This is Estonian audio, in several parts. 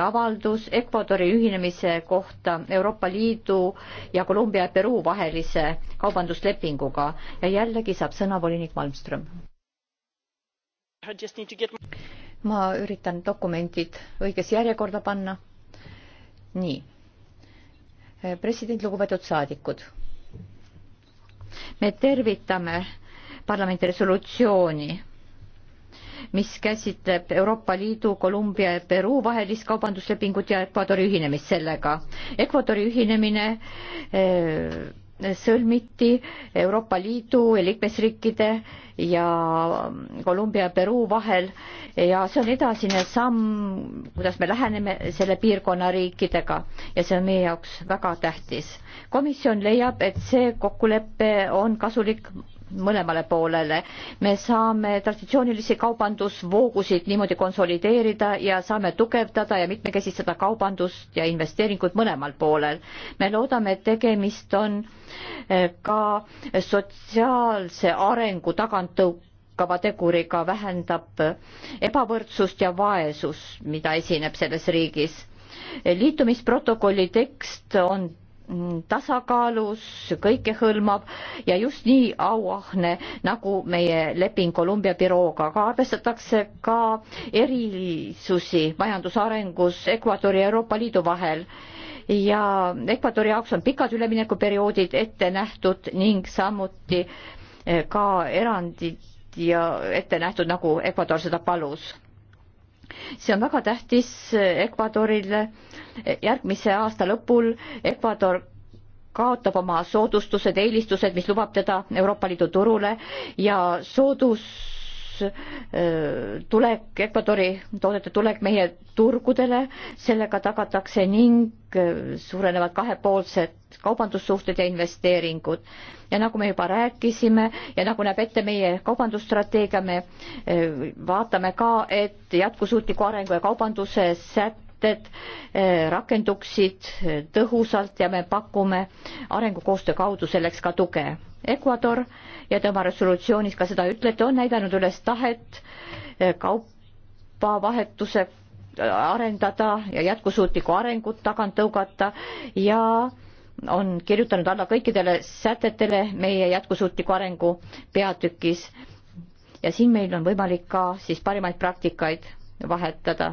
avaldus Ecuadori ühinemise kohta Euroopa Liidu ja Kolumbia ja Peruu vahelise kaubanduslepinguga ja jällegi saab sõna volinik Malmström. ma üritan dokumendid õigesse järjekorda panna. nii. president, lugupeetud saadikud. me tervitame parlamendi resolutsiooni mis käsitleb Euroopa Liidu, Kolumbia ja Peruu vahelist kaubanduslepingut ja Ecuadori ühinemist sellega. Ecuadori ühinemine eh, sõlmiti Euroopa Liidu ja liikmesriikide ja Kolumbia ja Peruu vahel ja see on edasine samm, kuidas me läheneme selle piirkonna riikidega ja see on meie jaoks väga tähtis. komisjon leiab, et see kokkulepe on kasulik mõlemale poolele. me saame traditsioonilisi kaubandusvoogusid niimoodi konsolideerida ja saame tugevdada ja mitmekesistada kaubandust ja investeeringuid mõlemal poolel. me loodame, et tegemist on eh, ka sotsiaalse arengu taganttõukava teguriga, vähendab eh, ebavõrdsust ja vaesust, mida esineb selles riigis liitumisprotokolli tekst on Mm, tasakaalus, kõikehõlmav ja just nii auahne, nagu meie leping Kolumbia bürooga, aga arvestatakse ka erisusi majandusarengus Ecuadori ja Euroopa Liidu vahel ja Ecuadori jaoks on pikad üleminekuperioodid ette nähtud ning samuti eh, ka erandid ja ette nähtud, nagu Ecuador seda palus see on väga tähtis Ecuadorile. järgmise aasta lõpul Ecuador kaotab oma soodustused, eelistused, mis lubab teda Euroopa Liidu turule ja soodus Äh, tulek, Ecuadori toodete tulek meie turgudele, sellega tagatakse ning äh, suurenevad kahepoolsed kaubandussuhted ja investeeringud. ja nagu me juba rääkisime ja nagu näeb ette meie kaubandusstrateegia, me äh, vaatame ka, et jätkusuutliku arengu ja kaubanduse sätted rakenduksid tõhusalt ja me pakume arengukoostöö kaudu selleks ka tuge Ecuador ja te oma resolutsioonis ka seda ütlete, on näidanud üles tahet eh, kaupavahetuse eh, arendada ja jätkusuutlikku arengut tagant tõugata ja on kirjutanud alla kõikidele sätetele meie jätkusuutliku arengu peatükis. ja siin meil on võimalik ka siis parimaid praktikaid vahetada.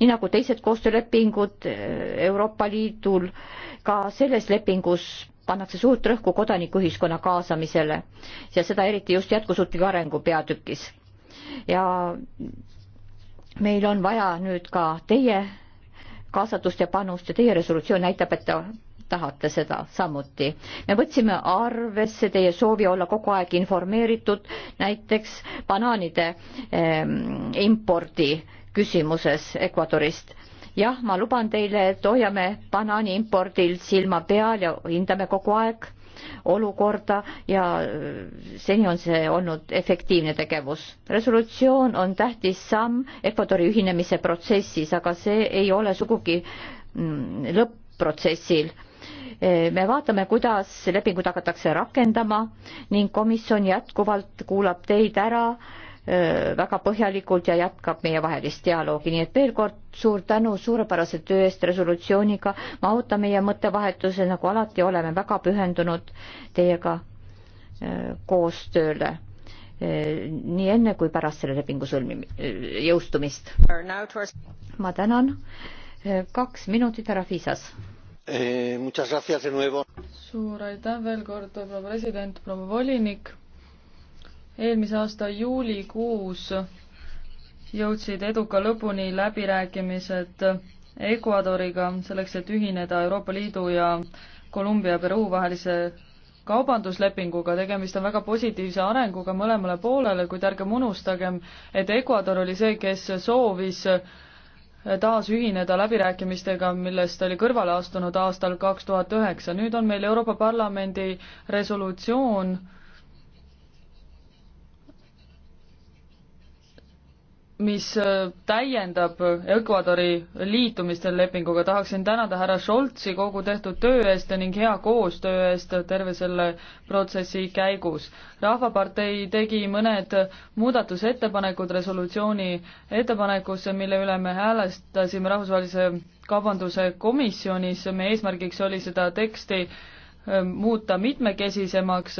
nii nagu teised koostöölepingud eh, Euroopa Liidul, ka selles lepingus pannakse suurt rõhku kodanikuühiskonna kaasamisele ja seda eriti just jätkusuutliku arengu peatükis. ja meil on vaja nüüd ka teie kaasatust ja panust ja teie resolutsioon näitab, et te tahate seda samuti. me võtsime arvesse teie soovi olla kogu aeg informeeritud näiteks banaanide eh, impordi küsimuses Ekvadorist jah, ma luban teile, et hoiame banaani impordil silma peal ja hindame kogu aeg olukorda ja äh, seni on see olnud efektiivne tegevus. resolutsioon on tähtis samm Ecuadori ühinemise protsessis, aga see ei ole sugugi mm, lõpp-protsessil. Äh, me vaatame, kuidas lepingut hakatakse rakendama ning komisjon jätkuvalt kuulab teid ära väga põhjalikult ja jätkab meievahelist dialoogi, nii et veel kord suur tänu suurepärase töö eest resolutsiooniga, ma ootan meie mõttevahetuse, nagu alati oleme väga pühendunud teiega koostööle nii enne kui pärast selle lepingu sõlmimi-, jõustumist. ma tänan, kaks minutit, härra Fiisas. Eh, suur aitäh veel kord, proua president, proua volinik eelmise aasta juulikuus jõudsid eduka lõpuni läbirääkimised Ecuadoriga selleks, et ühineda Euroopa Liidu ja Kolumbia Peruu vahelise kaubanduslepinguga, tegemist on väga positiivse arenguga mõlemale poolele, kuid ärgem unustagem, et Ecuador oli see, kes soovis taas ühineda läbirääkimistega, millest oli kõrvale astunud aastal kaks tuhat üheksa. nüüd on meil Euroopa Parlamendi resolutsioon mis äh, täiendab Ecuadori liitumist selle lepinguga, tahaksin tänada härra Scholzi kogu tehtud töö eest ning hea koostöö eest terve selle protsessi käigus. rahvapartei tegi mõned muudatusettepanekud resolutsiooni ettepanekusse, mille üle me häälestasime Rahvusvahelise Kaubanduse Komisjonis, meie eesmärgiks oli seda teksti ähm, muuta mitmekesisemaks,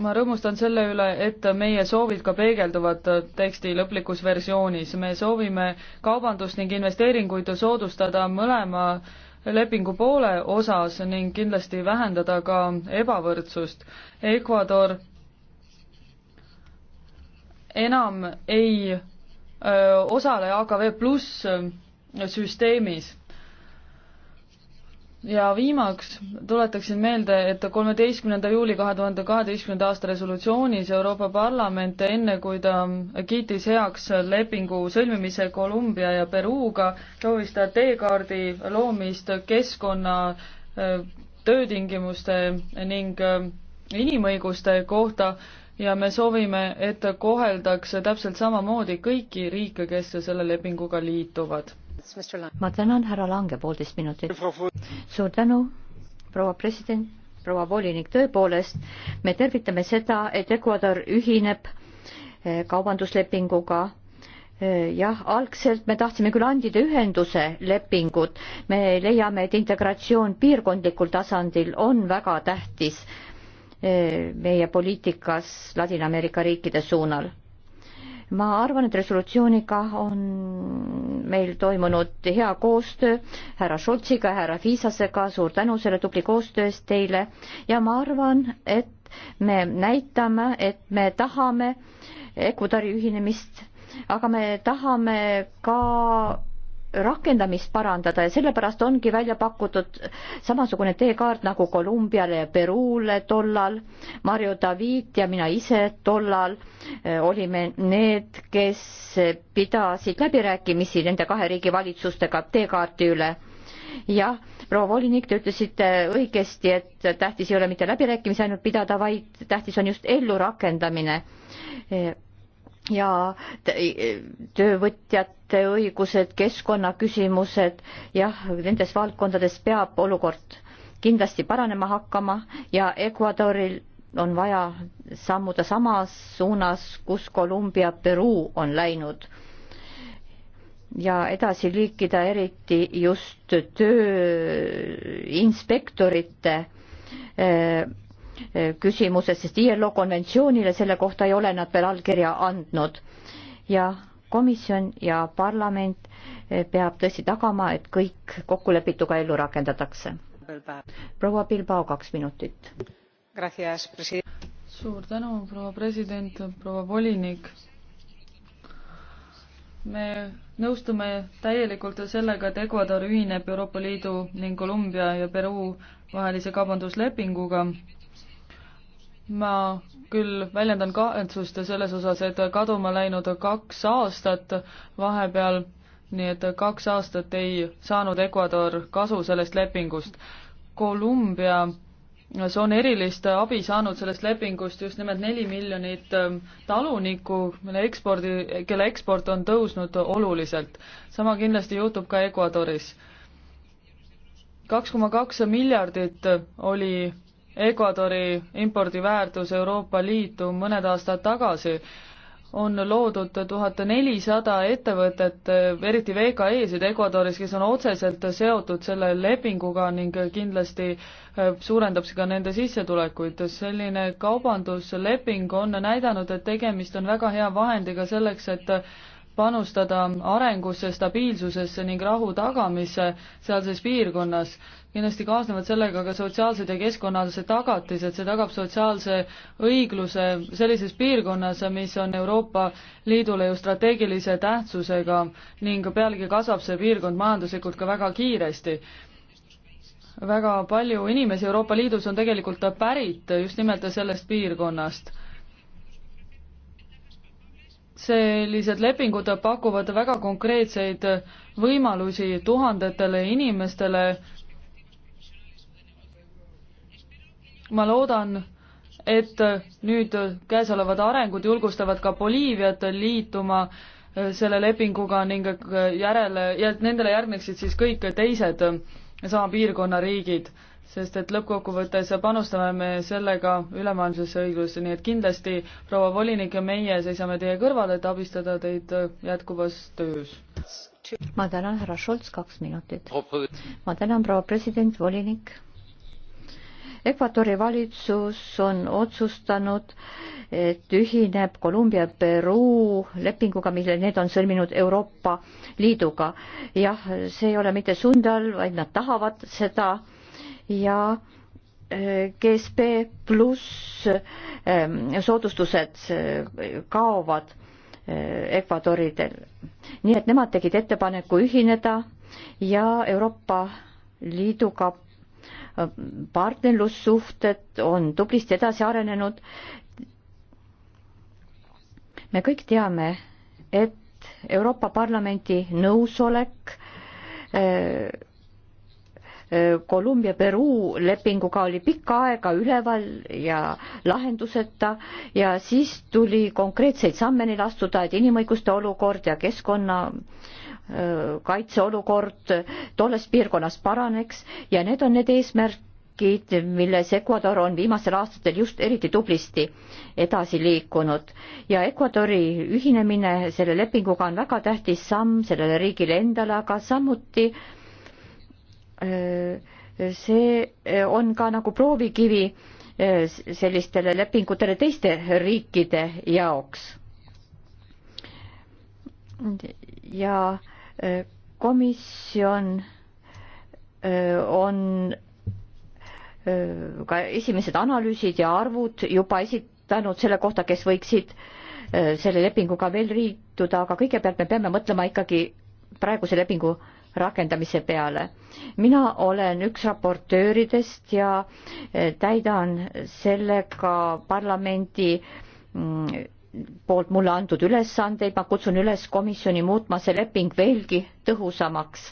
ma rõõmustan selle üle, et meie soovid ka peegelduvad teksti lõplikus versioonis. me soovime kaubandust ning investeeringuid soodustada mõlema lepingu poole osas ning kindlasti vähendada ka ebavõrdsust. Ecuador enam ei öö, osale AKV pluss süsteemis ja viimaks tuletaksin meelde, et kolmeteistkümnenda juuli kahe tuhande kaheteistkümnenda aasta resolutsioonis Euroopa Parlament, enne kui ta kiitis heaks lepingu sõlmimise Kolumbia ja Peruuga, soovis ta teekaardi loomist keskkonna, äh, töötingimuste ning äh, inimõiguste kohta ja me soovime, et koheldakse täpselt samamoodi kõiki riike, kes selle lepinguga liituvad ma tänan, härra Lange, poolteist minutit. suur tänu, proua president, proua volinik, tõepoolest me tervitame seda, et Ecuador ühineb eh, kaubanduslepinguga eh, jah, algselt me tahtsime küll andida ühenduse lepingut, me leiame, et integratsioon piirkondlikul tasandil on väga tähtis eh, meie poliitikas Ladina-Ameerika riikide suunal ma arvan, et resolutsiooniga on meil toimunud hea koostöö härra Šoltsiga, härra Fiisasega, suur tänu selle tubli koostöö eest teile ja ma arvan, et me näitame, et me tahame Ecuadori ühinemist, aga me tahame ka rakendamist parandada ja sellepärast ongi välja pakutud samasugune teekaart nagu Kolumbiale ja Peruule tollal. Mario David ja mina ise tollal eh, olime need, kes pidasid läbirääkimisi nende kahe riigi valitsustega teekaarti üle. jah, proua volinik, te ütlesite õigesti, et tähtis ei ole mitte läbirääkimisi ainult pidada, vaid tähtis on just ellurakendamine eh, ja töövõtjate õigused, keskkonnaküsimused, jah, nendes valdkondades peab olukord kindlasti paranema hakkama ja Ecuadoril on vaja sammuda samas suunas, kus Kolumbia, Peruu on läinud. ja edasi liikida eriti just tööinspektorite eh, küsimuses, sest ILO konventsioonile selle kohta ei ole nad veel allkirja andnud. ja komisjon ja parlament eh, peab tõesti tagama, et kõik kokkulepituga ellu rakendatakse. proua Bilbao, kaks minutit. suur tänu, proua president, proua volinik me nõustume täielikult sellega, et Ecuador ühineb Euroopa Liidu ning Kolumbia ja Peruu vahelise kaubanduslepinguga ma küll väljendan kahetsust selles osas, et kaduma läinud kaks aastat vahepeal, nii et kaks aastat ei saanud Ecuador kasu sellest lepingust. Kolumbia see on erilist abi saanud sellest lepingust just nimelt neli miljonit ähm, talunikku, mille ekspordi, kelle eksport on tõusnud oluliselt. sama kindlasti juhtub ka Ecuadoris. kaks koma kaks miljardit oli Ecuadori impordiväärtus Euroopa Liitu mõned aastad tagasi. on loodud tuhat nelisada ettevõtet, eriti VKE-sid Ecuadoris, kes on otseselt seotud selle lepinguga ning kindlasti äh, suurendab see ka nende sissetulekuid. selline kaubandusleping on näidanud, et tegemist on väga hea vahendiga selleks, et panustada arengusse, stabiilsusesse ning rahu tagamisse sealses piirkonnas. kindlasti kaasnevad sellega ka sotsiaalsed ja keskkonnalised tagatised, see tagab sotsiaalse õigluse sellises piirkonnas, mis on Euroopa Liidule ju strateegilise tähtsusega ning pealegi kasvab see piirkond majanduslikult ka väga kiiresti väga palju inimesi Euroopa Liidus on tegelikult pärit just nimelt sellest piirkonnast sellised lepingud pakuvad väga konkreetseid võimalusi tuhandetele inimestele. ma loodan, et nüüd käesolevad arengud julgustavad ka Boliiviat liituma äh, selle lepinguga ning järele, nendele järgneksid siis kõik teised äh, sama piirkonna riigid sest et lõppkokkuvõttes panustame me sellega ülemaailmsesse õiglusesse, nii et kindlasti, proua volinik ja meie seisame teie kõrval, et abistada teid jätkuvas töös. ma tänan, härra Šolts, kaks minutit. ma tänan, proua president, volinik. Ekvatori valitsus on otsustanud, et ühineb Kolumbia ja Peruu lepinguga, mille need on sõlminud Euroopa Liiduga. jah, see ei ole mitte sundal, vaid nad tahavad seda ja eh, GSP pluss ehm, soodustused eh, kaovad Ekvadoridel. Eh, nii et nemad tegid ettepaneku ühineda ja Euroopa Liiduga partnerlussuhted on tublisti edasi arenenud. me kõik teame, et Euroopa Parlamendi nõusolek Kolumbia Peruu lepinguga oli pikka aega üleval ja lahenduseta ja siis tuli konkreetseid samme neil astuda, et inimõiguste olukord ja keskkonna kaitseolukord tolles piirkonnas paraneks ja need on need eesmärgid, milles Ecuador on viimastel aastatel just eriti tublisti edasi liikunud ja Ecuadori ühinemine selle lepinguga on väga tähtis samm sellele riigile endale, aga samuti äh, see on ka nagu proovikivi sellistele lepingutele teiste riikide jaoks. ja komisjon on ka esimesed analüüsid ja arvud juba esitanud selle kohta, kes võiksid selle lepinguga veel liituda, aga kõigepealt me peame mõtlema ikkagi praeguse lepingu äh, rakendamise peale. mina olen üks raportööridest ja eh, täidan sellega parlamendi mm, poolt mulle antud ülesandeid, ma kutsun üles komisjoni muutma see leping veelgi tõhusamaks,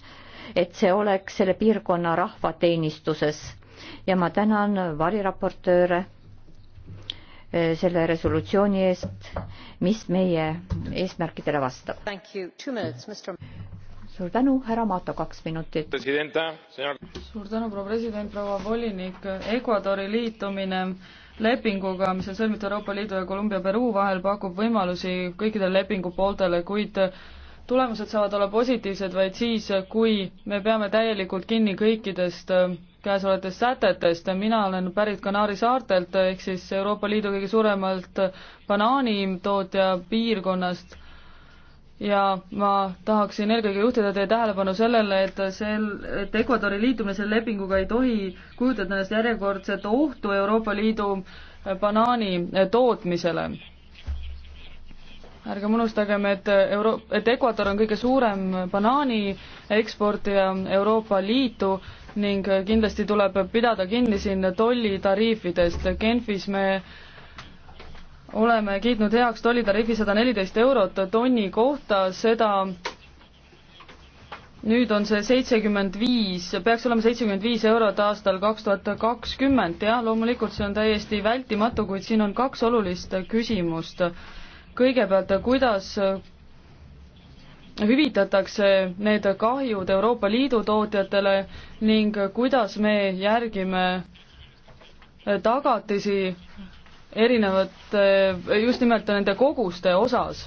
et see oleks selle piirkonna rahvateenistuses ja ma tänan variraportööre eh, selle resolutsiooni eest, mis meie eesmärkidele vastab suur tänu, härra Mato, kaks minutit. suur tänu, proua president, proua volinik. Ecuadori liitumine lepinguga, mis on sõlmitud Euroopa Liidu ja Kolumbia Peruu vahel, pakub võimalusi kõikidele lepingupooltele, kuid tulemused saavad olla positiivsed vaid siis, kui me peame täielikult kinni kõikidest äh, käesolevatest sätetest. mina olen pärit Kanaari saartelt ehk siis Euroopa Liidu kõige suuremalt banaanitootja piirkonnast ja ma tahaksin eelkõige juhtida teie tähelepanu sellele, et sel, et Ecuadori liitumine selle lepinguga ei tohi kujutada ennast järjekordset ohtu Euroopa Liidu banaani tootmisele. ärgem unustagem, et Euro-, et Ecuador on kõige suurem banaani eksportija Euroopa Liitu ning kindlasti tuleb pidada kinni siin tollitariifidest. Genfis me oleme kiitnud heaks tollitariifi sada neliteist eurot tonni kohta, seda nüüd on see seitsekümmend viis, peaks olema seitsekümmend viis eurot aastal kaks tuhat kakskümmend, jah, loomulikult see on täiesti vältimatu, kuid siin on kaks olulist küsimust. kõigepealt, kuidas hüvitatakse need kahjud Euroopa Liidu tootjatele ning kuidas me järgime tagatisi erinevate, just nimelt nende koguste osas,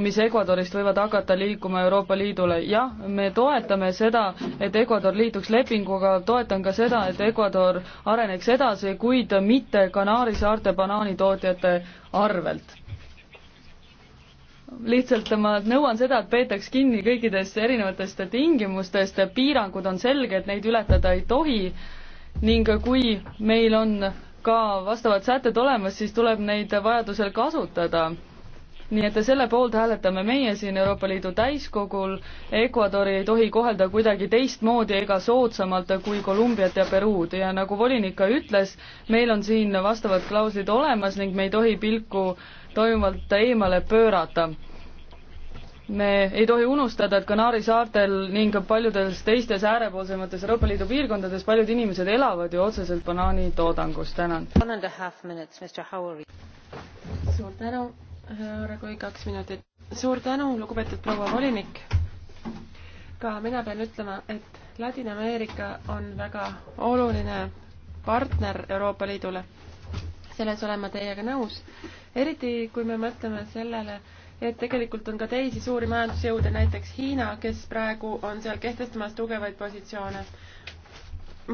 mis Ecuadorist võivad hakata liikuma Euroopa Liidule. jah, me toetame seda, et Ecuador liituks lepinguga, toetan ka seda, et Ecuador areneks edasi, kuid mitte Kanaari saarte banaanitootjate arvelt lihtsalt ma nõuan seda, et peetaks kinni kõikidest erinevatest tingimustest, piirangud on selged, neid ületada ei tohi ning kui meil on ka vastavad sätted olemas, siis tuleb neid vajadusel kasutada. nii et selle poolt hääletame meie siin Euroopa Liidu täiskogul, Ecuadori ei tohi kohelda kuidagi teistmoodi ega soodsamalt kui Kolumbiat ja Peruud ja nagu volinik ka ütles, meil on siin vastavad klauslid olemas ning me ei tohi pilku toimuvalt eemale pöörata me ei tohi unustada, et Kanaari saartel ning paljudes teistes äärepoolsemates Euroopa Liidu piirkondades paljud inimesed elavad ju otseselt banaanitoodangust, tänan. suur tänu, härra Kui, kaks minutit. suur tänu, lugupeetud proua volinik. ka mina pean ütlema, et Ladina-Ameerika on väga oluline partner Euroopa Liidule. selles olen ma teiega nõus, eriti kui me mõtleme sellele, et tegelikult on ka teisi suuri majandusjõude, näiteks Hiina, kes praegu on seal kehtestamas tugevaid positsioone.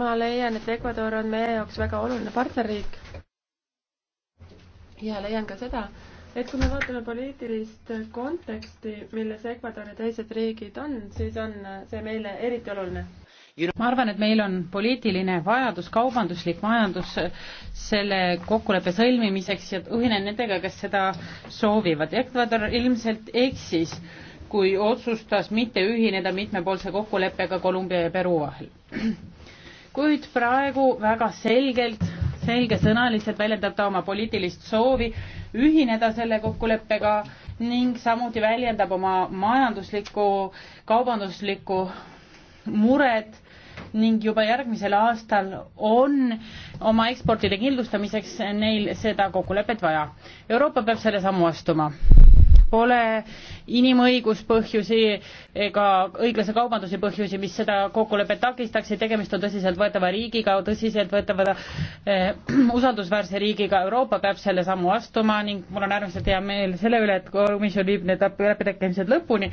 ma leian, et Ecuador on meie jaoks väga oluline partnerriik. ja leian ka seda, et kui me vaatame poliitilist konteksti, milles Ecuador ja teised riigid on, siis on see meile eriti oluline ma arvan, et meil on poliitiline vajadus, kaubanduslik majandus selle kokkuleppe sõlmimiseks ja ühinen nendega, kes seda soovivad. Ecuador ilmselt eksis, kui otsustas mitte ühineda mitmepoolse kokkuleppega Kolumbia ja Peru vahel. kuid praegu väga selgelt selgesõnaliselt väljendab ta oma poliitilist soovi ühineda selle kokkuleppega ning samuti väljendab oma majanduslikku, kaubanduslikku mured ning juba järgmisel aastal on oma eksportide kindlustamiseks neil seda kokkulepet vaja. Euroopa peab selle sammu astuma pole inimõiguspõhjusi ega õiglase kaubanduse põhjusi, mis seda kokkulepet takistaksid, tegemist on tõsiseltvõetava riigiga, tõsiseltvõetava eh, usaldusväärse riigiga, Euroopa peab selle sammu astuma ning mul on äärmiselt hea meel selle üle, et komisjon viib need läbirääkimised lõpuni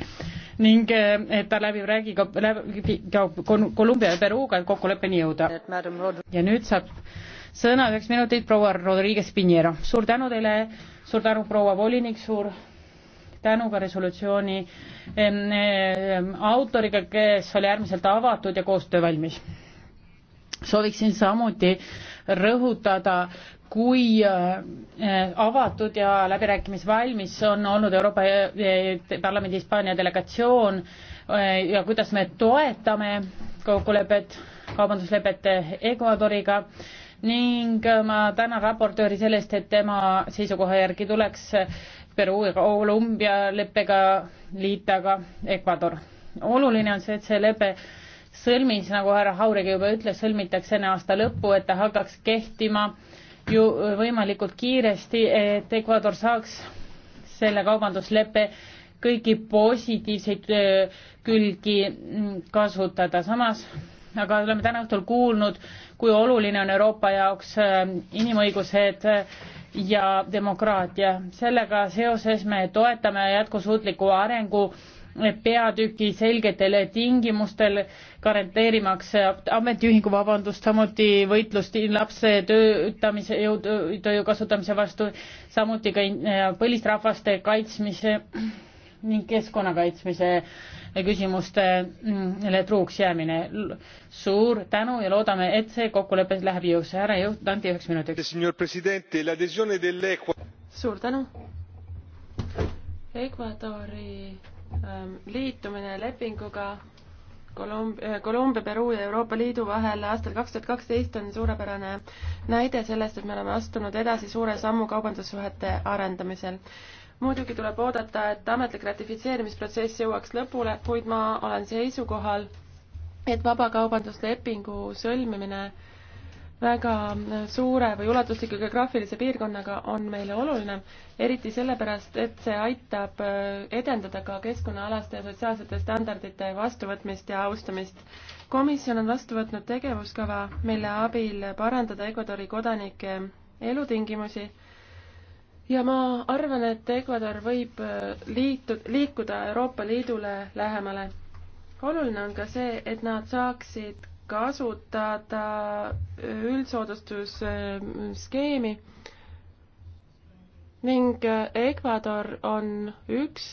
ning eh, et ta läbi räägib ka, läbi ka Kolumbia ja Peruga, et kokkuleppeni jõuda. ja nüüd saab sõna üheks minutiks proua Rodriguez Pinheiro. suur tänu teile, suur tänu, proua volinik, suur tänu ka resolutsiooni autoriga, kes oli äärmiselt avatud ja koostöövalmis. sooviksin samuti rõhutada, kui eh, avatud ja läbirääkimisvalmis on olnud Euroopa eh, Parlamendi Hispaania delegatsioon eh, ja kuidas me toetame kokkulepet, kaubanduslepet Ecuadoriga ning ma tänan raportööri selle eest, et tema seisukoha järgi tuleks Peruu ja Kolumbia leppega liita ka Ecuador. oluline on see, et see lepe sõlmis, nagu härra Hauregi juba ütles, sõlmitakse enne aasta lõppu, et ta hakkaks kehtima ju võimalikult kiiresti, et Ecuador saaks selle kaubandusleppe kõiki positiivseid külgi mm, kasutada. samas aga oleme täna õhtul kuulnud, kui oluline on Euroopa jaoks inimõigused ja demokraatia. sellega seoses me toetame jätkusuutliku arengu peatüki selgetel tingimustel, garanteerimaks ametiühingu vabandust, samuti võitlust lapse töötamise, jõutööjõu kasutamise vastu, samuti ka põlisrahvaste kaitsmise ning keskkonna kaitsmise küsimustele truuks jäämine. suur tänu ja loodame, et see kokkulepe läheb jõusse. härra Jõhtanti üheks minutiks. suur tänu. Ecuadori ähm, liitumine lepinguga äh, Kolumbia, Kolumbia, Peruu ja Euroopa Liidu vahel aastal kaks tuhat kaksteist on suurepärane näide sellest, et me oleme astunud edasi suure sammu kaubandussuhete arendamisel muidugi tuleb oodata, et ametlik ratifitseerimisprotsess jõuaks lõpule, kuid ma olen seisukohal, et vabakaubanduslepingu sõlmimine väga suure või ulatusliku geograafilise piirkonnaga on meile oluline, eriti sellepärast, et see aitab äh, edendada ka keskkonnaalaste ja sotsiaalsete standardite vastuvõtmist ja austamist. komisjon on vastu võtnud tegevuskava, mille abil parandada Ecuadori kodanike elutingimusi ja ma arvan, et Ecuador võib äh, liitu, liikuda Euroopa Liidule lähemale. oluline on ka see, et nad saaksid kasutada äh, üldsoodustusskeemi ning äh, Ecuador on üks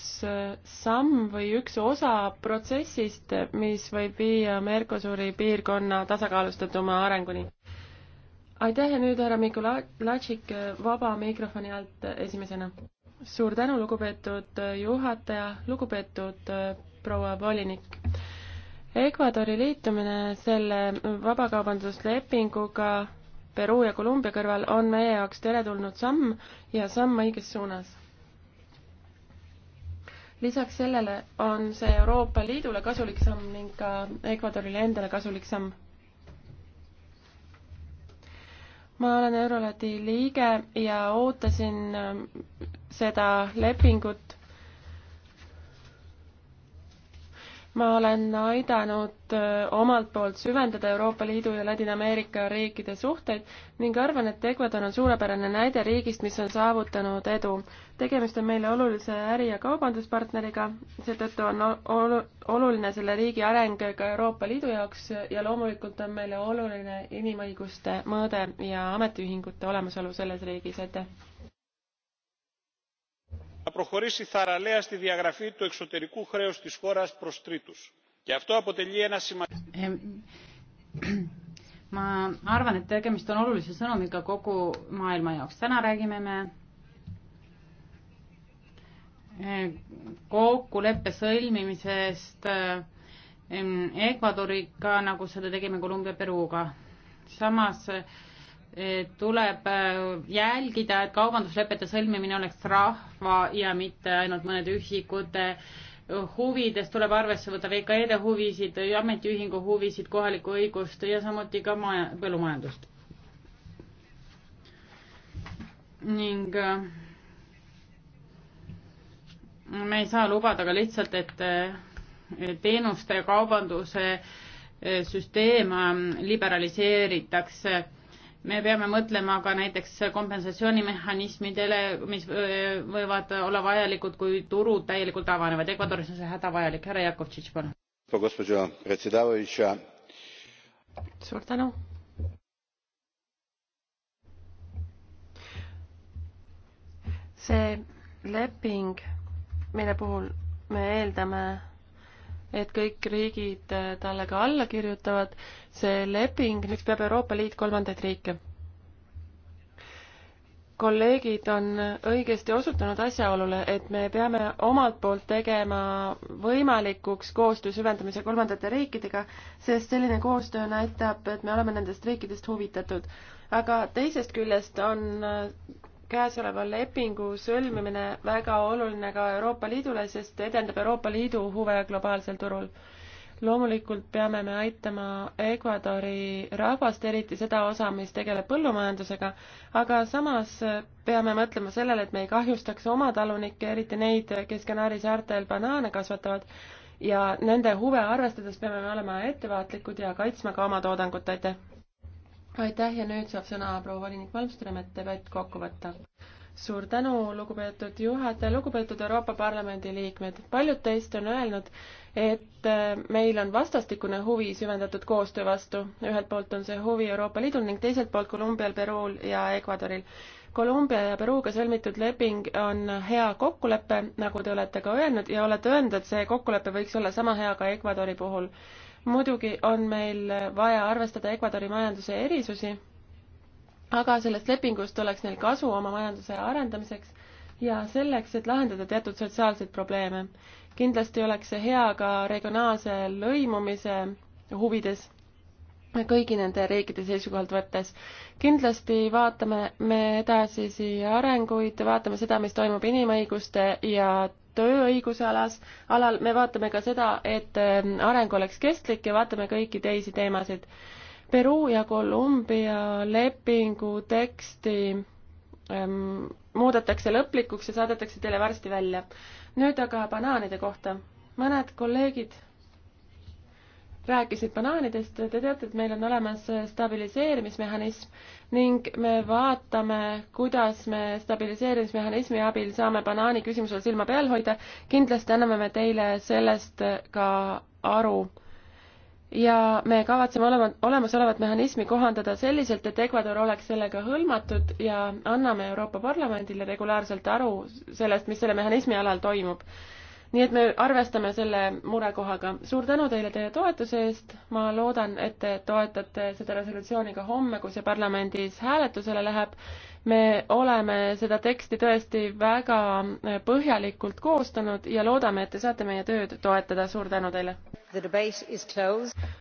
samm või üks osa protsessist, mis võib viia Mercosuri piirkonna tasakaalustatuma arenguni aitäh ja nüüd härra Mikulatšik vaba mikrofoni alt esimesena. suur tänu, lugupeetud juhataja, lugupeetud äh, proua volinik. Ecuadori liitumine selle vabakaubanduslepinguga Peruu ja Kolumbia kõrval on meie jaoks teretulnud samm ja samm õiges suunas. lisaks sellele on see Euroopa Liidule kasulik samm ning ka Ecuadorile endale kasulik samm ma olen Eurolati liige ja ootasin äh, seda lepingut ma olen aidanud äh, omalt poolt süvendada Euroopa Liidu ja Ladina-Ameerika riikide suhteid ning arvan, et Ecuador on suurepärane näide riigist, mis on saavutanud edu. tegemist on meile olulise äri- ja kaubanduspartneriga, seetõttu on ol oluline selle riigi areng ka Euroopa Liidu jaoks ja loomulikult on meile oluline inimõiguste mõõde ja ametiühingute olemasolu selles riigis, aitäh! να προχωρήσει θαραλέα στη διαγραφή του εξωτερικού χρέους της χώρας προς τρίτους. Και αυτό αποτελεί ένα σημαντικό... ma arvan, et tegemist on olulise sõnumiga kogu maailma jaoks. täna räägime me kokkuleppe sõlmimisest Ecuadoriga, nagu seda tegime Kolumbia Peruga. samas tuleb äh, jälgida, et kaubanduslepete sõlmimine oleks rahva ja mitte ainult mõnede ühikute huvides, tuleb arvesse võtta VKE-de huvisid, ametiühingu huvisid, kohalikku õigust ja samuti ka maja, põllumajandust. ning äh, me ei saa lubada ka lihtsalt, et äh, teenuste ja kaubanduse süsteem liberaliseeritakse me peame mõtlema ka näiteks kompensatsioonimehhanismidele, mis võivad olla vajalikud, kui turud täielikult avanevad. Ecuadoris on see hädavajalik. härra Jakovtšitš, palun. suur tänu. see leping, mille puhul me eeldame et kõik riigid äh, talle ka alla kirjutavad, see leping, miks peab Euroopa Liit kolmandaid riike? kolleegid on õigesti osutanud asjaolule, et me peame omalt poolt tegema võimalikuks koostöö süvendamise kolmandate riikidega, sest selline koostöö näitab, et me oleme nendest riikidest huvitatud. aga teisest küljest on äh, käesoleva lepingu sõlmimine väga oluline ka Euroopa Liidule, sest edendab Euroopa Liidu huve globaalsel turul. loomulikult peame me aitama Ecuadori rahvast, eriti seda osa, mis tegeleb põllumajandusega, aga samas peame mõtlema sellele, et me ei kahjustaks oma talunikke, eriti neid, kes Kanaari saartel banaane kasvatavad, ja nende huve arvestades peame me olema ettevaatlikud ja kaitsma ka oma toodangut, aitäh! aitäh ja nüüd saab sõna proua volinik Malmström, et debatt kokku võtta. suur tänu, lugupeetud juhataja, lugupeetud Euroopa Parlamendi liikmed. paljud teist on öelnud, et äh, meil on vastastikune huvi süvendatud koostöö vastu. ühelt poolt on see huvi Euroopa Liidul ning teiselt poolt Kolumbial, Peruul ja Ecuadoril. Kolumbia ja Peruga sõlmitud leping on hea kokkulepe, nagu te olete ka öelnud ja olete öelnud, et see kokkulepe võiks olla sama hea ka Ecuadori puhul. muidugi on meil vaja arvestada Ecuadori majanduse erisusi, aga sellest lepingust oleks neil kasu oma majanduse arendamiseks ja selleks, et lahendada teatud sotsiaalseid probleeme. kindlasti oleks see hea ka regionaalse lõimumise huvides kõigi nende riikide seisukohalt võttes. kindlasti vaatame me edasi siia arenguid, vaatame seda, mis toimub inimõiguste ja tööõiguse alas, alal me vaatame ka seda, et ähm, areng oleks kestlik ja vaatame kõiki teisi teemasid. Peru ja Kolumbia lepingu teksti ähm, muudetakse lõplikuks ja saadetakse teile varsti välja. nüüd aga banaanide kohta. mõned kolleegid rääkisid banaanidest, te teate, et meil on olemas stabiliseerimismehhanism ning me vaatame, kuidas me stabiliseerimismehhanismi abil saame banaani küsimusel silma peal hoida. kindlasti anname me teile sellest ka aru. ja me kavatseme olema, olemasolevat mehhanismi kohandada selliselt, et Ecuador oleks sellega hõlmatud ja anname Euroopa Parlamendile regulaarselt aru sellest, mis selle mehhanismi alal toimub nii et me arvestame selle murekohaga. suur tänu teile teie toetuse eest, ma loodan, et te toetate seda resolutsiooni ka homme, kui see parlamendis hääletusele läheb. me oleme seda teksti tõesti väga põhjalikult koostanud ja loodame, et te saate meie tööd toetada. suur tänu teile!